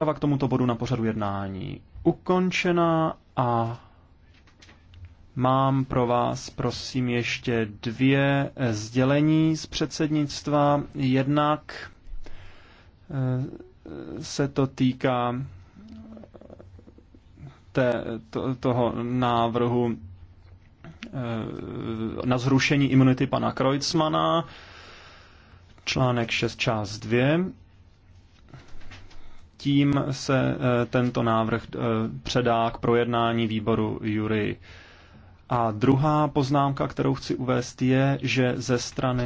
rozprava k tomuto bodu na pořadu jednání ukončena a mám pro vás, prosím, ještě dvě sdělení z předsednictva. Jednak eh, se to týká eh, té, to, toho návrhu eh, na zrušení imunity pana Kreutzmana, článek 6, část 2 tím se eh, tento návrh eh, předá k projednání výboru Jury. A druhá poznámka, kterou chci uvést, je, že ze strany